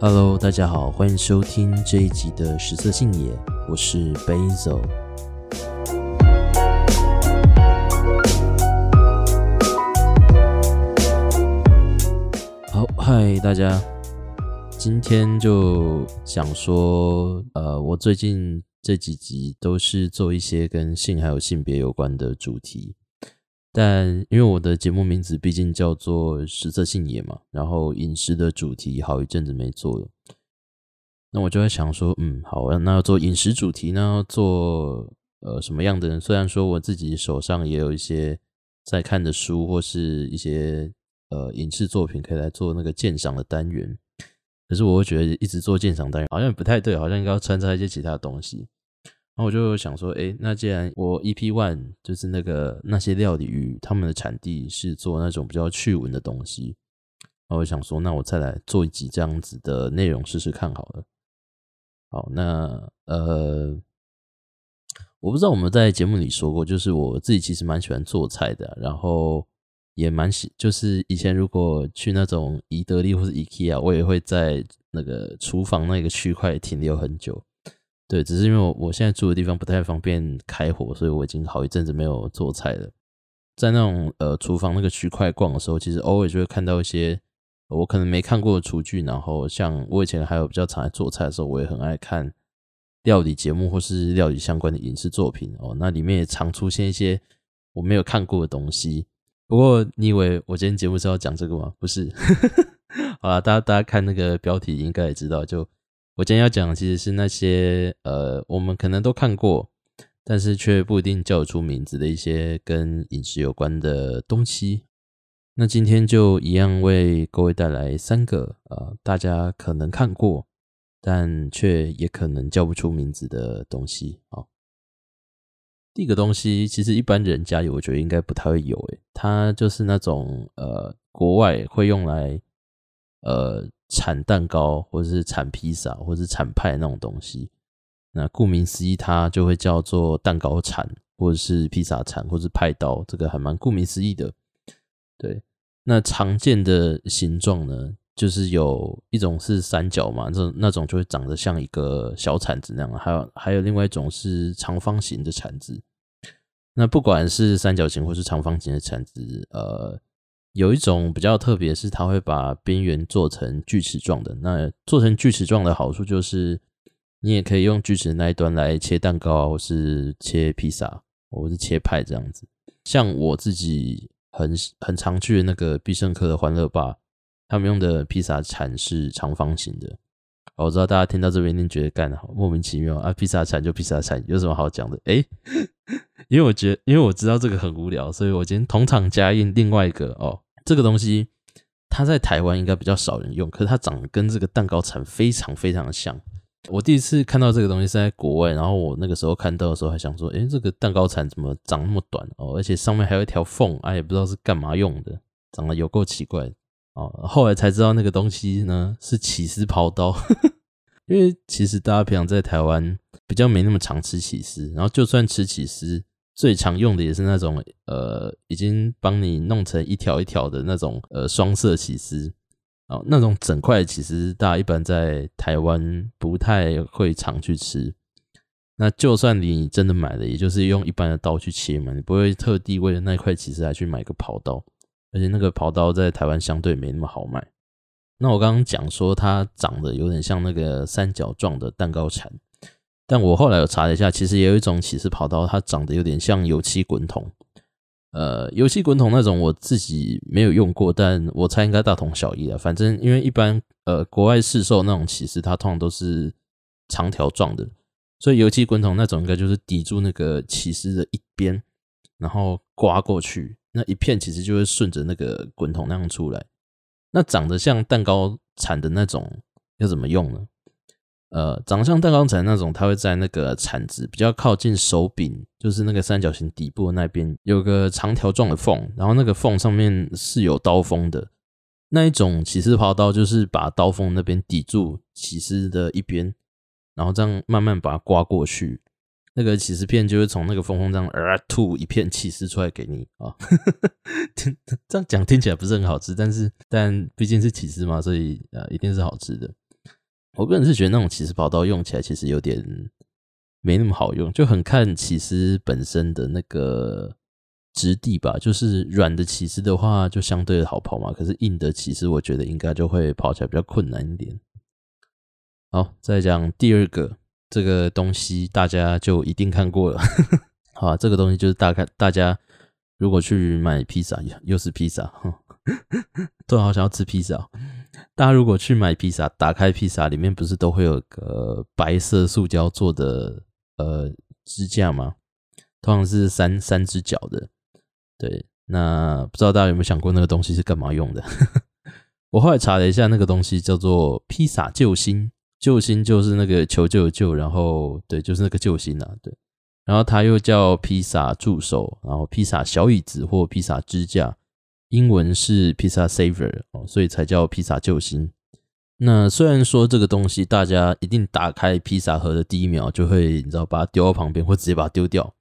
Hello，大家好，歡迎收聽這一集的食色性也，我是 Basel。好，嗨，大家，今天就想說，呃，我最近這幾集都是做一些跟性還有性別有關的主題。但因為我的節目名字畢竟叫做食色性也嘛，然後飲食的主題好一陣子沒做了，那我就會想說，嗯，好，啊，那要做飲食主題呢，那要做呃什麼樣的人，雖然說我自己手上也有一些在看的書，或是一些呃影視作品可以來做那個鑒賞的單元，可是我會覺得一直做鑒賞單元好像不太對，好像應該要摻雜一些其他的東西。那我就想說，誒，那既然我 EP One 就是那個那些料理與，他們的產地是做那種比較趣聞的東西，那我想說，那我再來做一集這樣子的內容試試看好了。好，那呃，我不知道我們在節目裡說過，就是我自己其實蠻喜歡做菜的，然後也蠻喜，就是以前如果去那種宜得利或者 IKEA，我也會在那個廚房那個區塊停留很久。對，只是因為我我現在住的地方不太方便開火，所以我已經好一陣子沒有做菜了。在那種呃廚房那個區塊逛的時候，其實偶爾就會看到一些、呃、我可能沒看過的廚具。然後像我以前還有比較常在做菜的時候，我也很愛看料理節目或是料理相關的影視作品。哦，那裡面也常出現一些我沒有看過的東西。不過你以為我今天節目是要講這個嗎？不是。 好啦，大家大家看那個標題應該也知道，就。我今天要講的其實是那些呃，我們可能都看過，但是卻不一定叫得出名字的一些跟飲食有關的東西。那今天就一樣為各位帶來三個呃，大家可能看過，但卻也可能叫不出名字的東西。好、哦，第一個東西其實一般人家裡，我覺得應該不太會有。誒，它就是那種呃，國外會用來呃。鏟蛋糕或者是鏟披薩或者是鏟派的那種東西，那顧名思義，它就會叫做蛋糕鏟或者是披薩鏟或者是派刀，這個還蠻顧名思義的。對，那常見的形狀呢，就是有一種是三角嘛，那那種就會長得像一個小鏟子那樣，還有還有另外一種是長方形的鏟子。那不管是三角形或是長方形的鏟子，呃。有一種比較特別，是它會把邊緣做成鋸齒狀的。那做成鋸齒狀的好處就是，你也可以用鋸齒那一端來切蛋糕，或是切披薩，或是切派這樣子。像我自己很很常去的那個必勝客的歡樂吧，他們用的披薩鏟是長方形的。我知道大家聽到這邊一定覺得幹好莫名其妙啊，披薩鏟就披薩鏟，有什麼好講的？哎、欸， 因為我覺得，因為我知道這個很無聊，所以我今天同場加印另外一個哦。這個東西，它在台灣應該比較少人用，可是它長得跟這個蛋糕鏟非常非常的像。我第一次看到這個東西是在國外，然後我那個時候看到的時候還想說，哎，這個蛋糕鏟怎麼長那麼短哦？而且上面還有一條縫，哎、啊，也不知道是幹嘛用的，長得有夠奇怪哦。後來才知道那個東西呢是起司刨刀， 因為其實大家平常在台灣比較沒那麼常吃起司，然後就算吃起司。最常用的也是那種，呃，已經幫你弄成一條一條的那種，呃，雙色起司哦。那種整塊起司大家一般在台灣不太會常去吃。那就算你真的買了，也就是用一般的刀去切嘛，你不會特地為了那塊起司還去買個刨刀，而且那個刨刀在台灣相對沒那麼好賣。那我剛剛講說，它長得有點像那個三角狀的蛋糕鏟。但我後來有查了一下，其實也有一種起司刨刀，它長得有點像油漆滾筒。呃，油漆滾筒那種我自己沒有用過，但我猜應該大同小異啦，反正因為一般呃國外市售那種起司，它通常都是長條狀的，所以油漆滾筒那種應該就是抵住那個起司的一邊，然後刮過去，那一片其實就會順着那個滾筒那樣出來。那長得像蛋糕鏟的那種，要怎麼用呢？呃，長得像蛋糕鏟那種，它會在那個鏟子比較靠近手柄，就是那個三角形底部的那邊，有個長條狀的縫，然後那個縫上面是有刀鋒的那一種起司刨刀，就是把刀鋒那邊抵住起司的一邊，然後這樣慢慢把它刮過去，那個起司片就會從那個縫縫這樣啊、呃、吐一片起司出來給你啊。聽、哦、 這樣講聽起來不是很好吃，但是但畢竟是起司嘛，所以呃一定是好吃的。我個人是覺得那種起司跑道用起來其實有點沒那麼好用，就很看起司本身的那個質地吧。就是軟的起司的話，就相對的好跑嘛。可是硬的起司我覺得應該就會跑起來比較困難一點。好，再講第二個這個東西，大家就一定看過了。 好啊，這個東西就是大概大家如果去買披薩，又是披薩，都好想要吃披薩。大家如果去買披薩，打開披薩裡面不是都會有個白色塑膠做的呃支架嗎？通常是三三只腳的。對，那不知道大家有沒有想過那個東西是幹嘛用的？ 我後來查了一下，那個東西叫做披薩救星。救星就是那個求救的救，然後對，就是那個救星啊。對，然後它又叫披薩助手，然後披薩小椅子或披薩支架。英文是 Pizza Saver，哦，所以才叫披薩救星。那雖然說這個東西，大家一定打開披薩盒的第一秒就會，你知道把它丟到旁邊，或直接把它丟掉，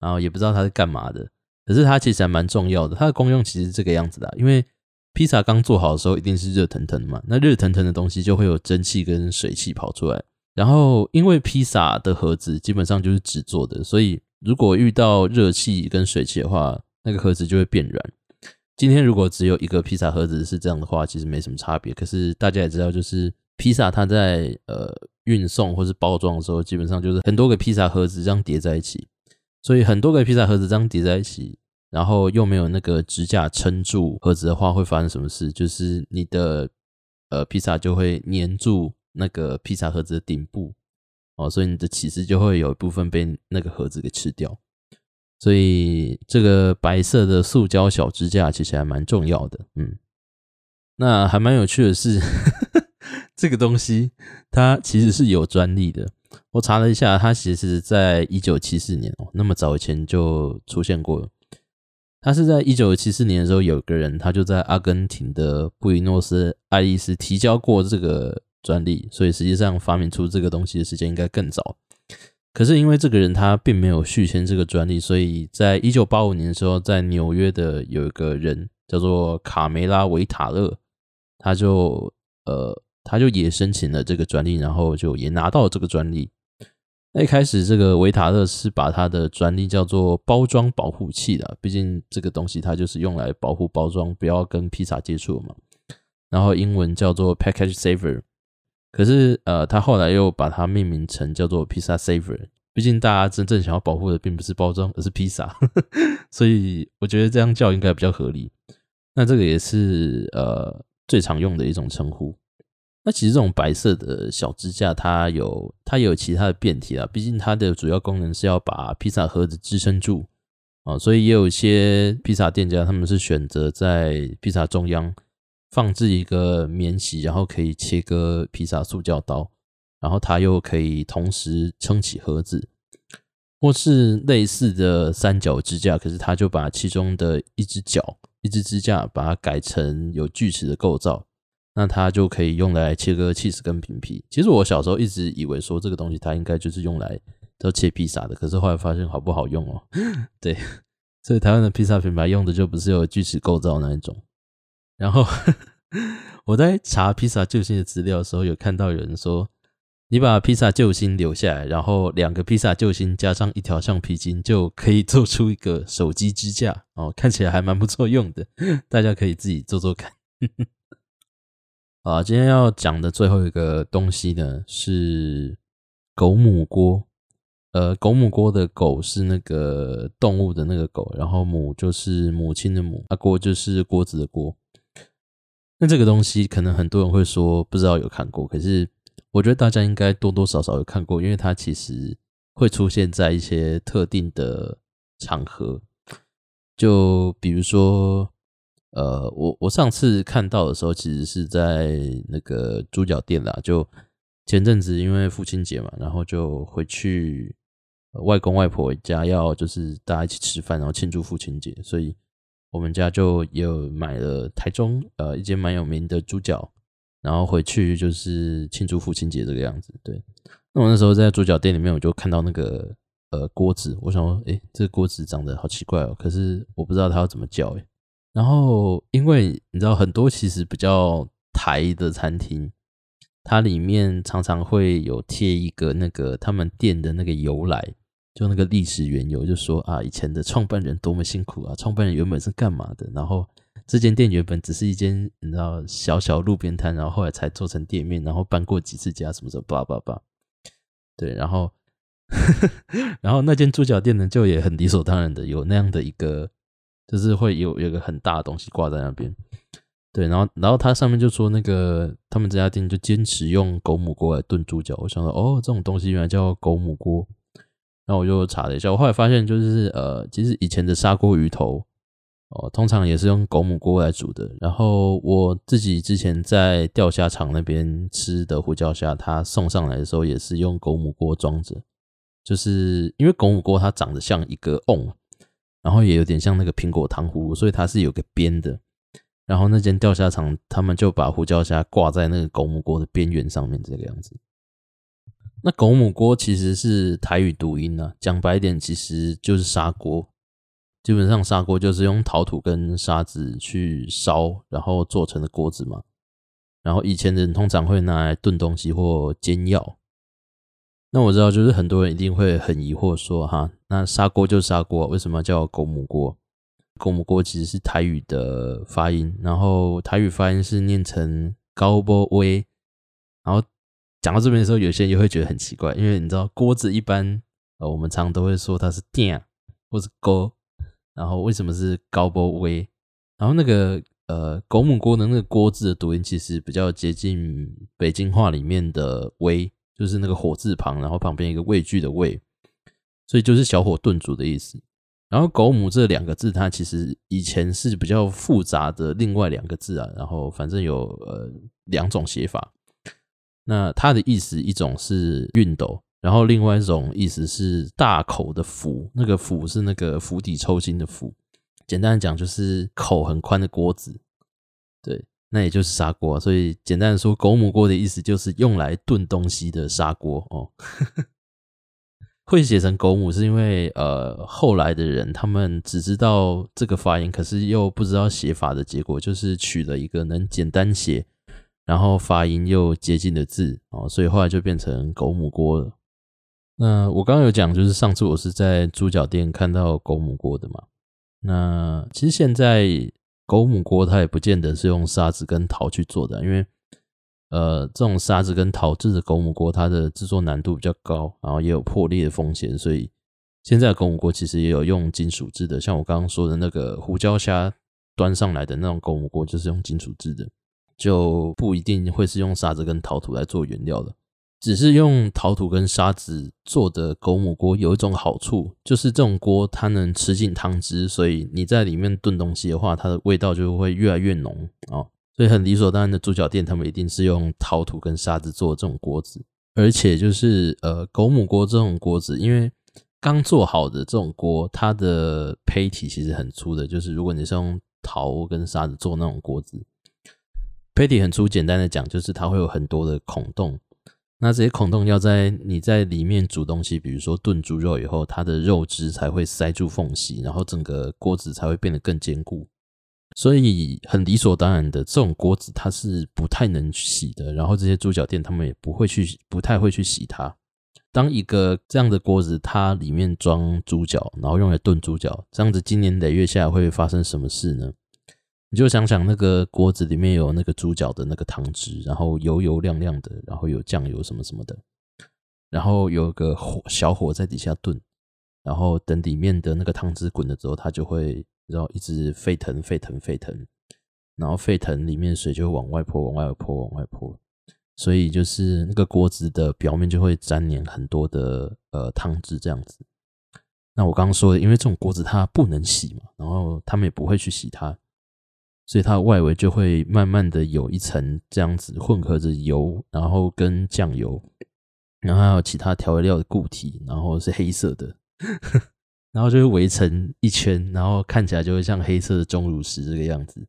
然後也不知道它是幹嘛的。可是它其實還蠻重要的，它的功用其實是這個樣子的、啊。因為披薩剛做好的時候一定是熱騰騰的嘛，那熱騰騰的東西就會有蒸汽跟水汽跑出來。然後因為披薩的盒子基本上就是紙做的，所以如果遇到熱氣跟水汽的話，那個盒子就會變軟。今天如果只有一個披薩盒子是這樣的話，其實沒什麼差別。可是大家也知道，就是披薩它在呃運送或是包裝的時候，基本上就是很多個披薩盒子這樣疊在一起。所以很多個披薩盒子這樣疊在一起，然後又沒有那個支架撐住盒子的話，會發生什麼事？就是你的呃披薩就會粘住那個披薩盒子的頂部哦，所以你的起司就會有一部分被那個盒子給吃掉。所以這個白色的塑膠小支架其實還蠻重要的，嗯，那還蠻有趣的是， 這個東西它其實是有專利的。我查了一下，它其實在一九七四年哦，那麼早以前就出現過了。它是在一九七四年的時候，有個人他就在阿根廷的布宜諾斯艾利斯提交過這個專利，所以實際上發明出這個東西的時間應該更早。可是因為這個人他並沒有續簽這個專利，所以在一九八五年的時候，在紐約的有一個人叫做卡梅拉維塔勒。他就呃他就也申請了這個專利，然後就也拿到了這個專利。那一開始這個維塔勒是把他的專利叫做包裝保護器的，畢竟這個東西它就是用來保護包裝不要跟披薩接觸嘛，然後英文叫做 package saver。可是，呃，他後來又把它命名成叫做“披薩 Saver”。畢竟，大家真正想要保護的並不是包裝，而是披薩，呵呵，所以我覺得這樣叫應該比較合理。那這個也是呃最常用的一種稱呼。那其實這種白色的小支架，它有它也有其他的變體啦，畢竟它的主要功能是要把披薩盒子支撐住啊，呃，所以也有一些披薩店家他們是選擇在披薩中央。放置一個免洗，然後可以切割披薩塑膠刀，然後它又可以同時撐起盒子，或是類似的三角支架。可是它就把其中的一只腳、一只支架，把它改成有鋸齒的構造，那它就可以用來切割 cheese 跟餅皮。其實我小時候一直以為說這個東西它應該就是用來都切披薩的，可是後來發現好不好用哦、喔？對，所以台灣的披薩品牌用的就不是有鋸齒構造那一種，然後。我在查披薩救星的資料的時候，有看到有人說，你把披薩救星留下來，然後兩個披薩救星加上一條橡皮筋，就可以做出一個手機支架哦，看起來還蠻不錯用的，大家可以自己做做看。啊， 今天要講的最後一個東西呢，是狗母鍋。呃，狗母鍋的狗是那個動物的那個狗，然後母就是母親的母，啊，鍋就是鍋子的鍋。那這個東西可能很多人會說不知道有看過，可是我覺得大家應該多多少少有看過，因為它其實會出現在一些特定的場合，就比如說，呃，我我上次看到的時候，其實是在那個豬腳店啦，就前陣子因為父親節嘛，然後就回去外公外婆家要就是大家一起吃飯，然後慶祝父親節，所以。我們家就也有買了台中呃一間蠻有名的豬腳，然後回去就是慶祝父親節這個樣子。對，那我那時候在豬腳店裡面，我就看到那個呃鍋子，我想說，哎，這鍋子長得好奇怪哦，可是我不知道它要怎麼叫誒。然後因為你知道很多其實比較台的餐廳，它裡面常常會有貼一個那個他們店的那個由來。就那個歷史緣由，就說啊，以前的創辦人多麼辛苦啊，創辦人原本是幹嘛的？然後這間店原本只是一間，你知道，小小路邊攤，然後後來才做成店面，然後搬過幾次家，什麼什麼，叭叭叭，對，然後， 然後那間豬腳店呢，就也很理所當然的有那樣的一個，就是會有有一個很大的東西掛在那邊，對，然後，然後它上面就說那個他們這家店就堅持用狗母鍋來燉豬腳，我想說哦，這種東西原來叫狗母鍋。那我就查了一下，我後來發現就是呃，其實以前的砂鍋魚頭哦、呃，通常也是用狗母鍋來煮的。然後我自己之前在釣蝦場那邊吃的胡椒蝦，它送上來的時候也是用狗母鍋裝着，就是因為狗母鍋它長得像一個甕，然後也有點像那個蘋果糖葫蘆，所以它是有個邊的。然後那間釣蝦場他們就把胡椒蝦掛在那個狗母鍋的邊緣上面這個樣子。那狗母鍋其實是台語讀音呢、啊，講白一點其實就是砂鍋。基本上砂鍋就是用陶土跟沙子去燒，然後做成的鍋子嘛。然後以前人通常會拿來燉東西或煎藥。那我知道，就是很多人一定會很疑惑說，哈，那砂鍋就是砂鍋，為什麼叫狗母鍋？狗母鍋其實是台語的發音，然後台語發音是念成高波威，然後。講到這邊的時候，有些人也會覺得很奇怪，因為你知道鍋字一般呃，我們常都會說它是電或是鍋，然後為什麼是高波微？然後那個呃狗母鍋的那個鍋字的讀音其實比較接近北京話裡面的微，就是那個火字旁，然後旁邊一個畏懼的畏，所以就是小火燉煮的意思。然後狗母這兩個字，它其實以前是比較複雜的另外兩個字啊，然後反正有呃兩種寫法。那它的意思一種是熨斗，然後另外一種意思是大口的釜，那個釜是那個釜底抽薪的釜。簡單的講就是口很寬的鍋子，對，那也就是砂鍋。所以簡單的說，狗母鍋的意思就是用來燉東西的砂鍋哦。 會寫成狗母是因為呃後來的人他們只知道這個發音，可是又不知道寫法的結果，就是取了一個能簡單寫然後發音又接近的字哦，所以後來就變成狗母鍋了。那我剛剛有講，就是上次我是在豬腳店看到狗母鍋的嘛。那其實現在狗母鍋它也不見得是用沙子跟陶去做的，因為呃，這種沙子跟陶制的狗母鍋，它的制作難度比較高，然後也有破裂的風險。所以現在的狗母鍋其實也有用金屬制的，像我剛剛說的那個胡椒蝦端上來的那種狗母鍋，就是用金屬制的。就不一定會是用沙子跟陶土來做原料了，只是用陶土跟沙子做的狗母鍋有一種好處，就是這種鍋它能吃進湯汁，所以你在裡面燉東西的話，它的味道就會越來越濃啊、哦。所以很理所當然的，豬腳店他們一定是用陶土跟沙子做這種鍋子，而且就是呃狗母鍋這種鍋子，因為剛做好的這種鍋，它的胚體其實很粗的，就是如果你是用陶跟沙子做那種鍋子。胚體很粗，簡單的講就是它會有很多的孔洞，那這些孔洞要在你在裡面煮東西，比如說燉豬肉以後，它的肉汁才會塞住縫隙，然後整個鍋子才會變得更堅固，所以很理所當然的，這種鍋子它是不太能洗的，然後這些豬腳店他們也不會去，不太會去洗它。當一個這樣的鍋子，它裡面裝豬腳，然後用來燉豬腳，這樣子經年累月下來會發生什麼事呢？你就想想那個鍋子裡面有那個豬腳的那個湯汁，然後油油亮亮的，然後有醬油什麼什麼的，然後有個火，小火在底下燉，然後等裡面的那個湯汁滾了之後，它就會然後一直沸騰沸騰沸騰，然後沸騰裡面水就會往外潑往外潑往外潑，往外潑，所以就是那個鍋子的表面就會粘黏很多的呃湯汁這樣子。那我剛剛說的，因為這種鍋子它不能洗嘛，然後他們也不會去洗它。所以它的外圍就會慢慢的有一層這樣子混合着油，然後跟醬油，然後還有其他調味料的固體，然後是黑色的， 然後就會圍成一圈，然後看起來就會像黑色的鐘乳石這個樣子。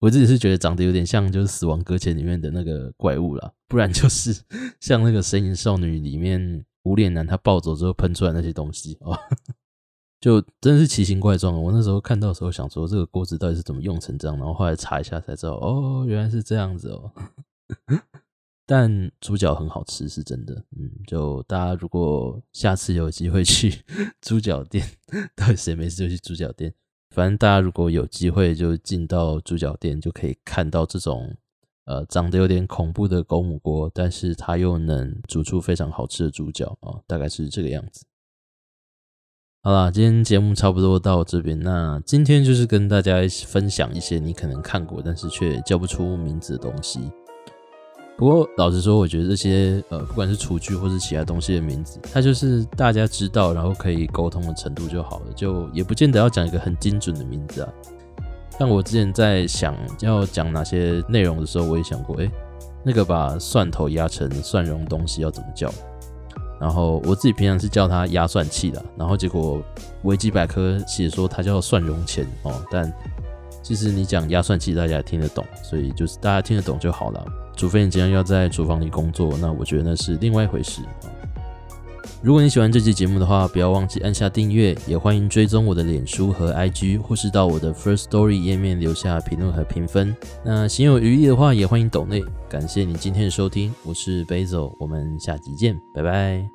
我自己是覺得長得有點像就是死亡擱淺裡面的那個怪物啦，不然就是像那個《神隱少女》裡面無臉男他暴走之後噴出來那些東西啊。哦 就真是奇形怪狀，我那時候看到的時候，想說這個鍋子到底是怎麼用成這樣，然後後來查一下才知道，哦，原來是這樣子哦。但豬腳很好吃，是真的。嗯，就大家如果下次有機會去豬腳店，到底誰沒事就去豬腳店。反正大家如果有機會就進到豬腳店，就可以看到這種呃長得有點恐怖的狗母鍋，但是它又能煮出非常好吃的豬腳啊，哦，大概是這個樣子。好啦，今天節目差不多到這邊。那今天就是跟大家一起分享一些你可能看過，但是卻叫不出名字的東西。不過老實說，我覺得這些呃，不管是廚具或是其他東西的名字，它就是大家知道，然後可以溝通的程度就好了，就也不見得要講一個很精準的名字啊。但我之前在想要講哪些內容的時候，我也想過，誒，那個把蒜頭壓成蒜蓉的東西要怎麼叫？然後我自己平常是叫它壓蒜器啦，然後結果維基百科寫說它叫蒜蓉鉗哦，但其實你講壓蒜器大家也聽得懂，所以就是大家聽得懂就好啦。除非你今天要在廚房裡工作，那我覺得那是另外一回事。如果你喜歡這期節目的話，不要忘記按下訂閱，也歡迎追蹤我的臉書和 IG，或是到我的 First Story 頁面留下評論和評分。那行有餘力的話，也歡迎抖內。感謝你今天的收聽，我是 Basil，我們下期見，拜拜。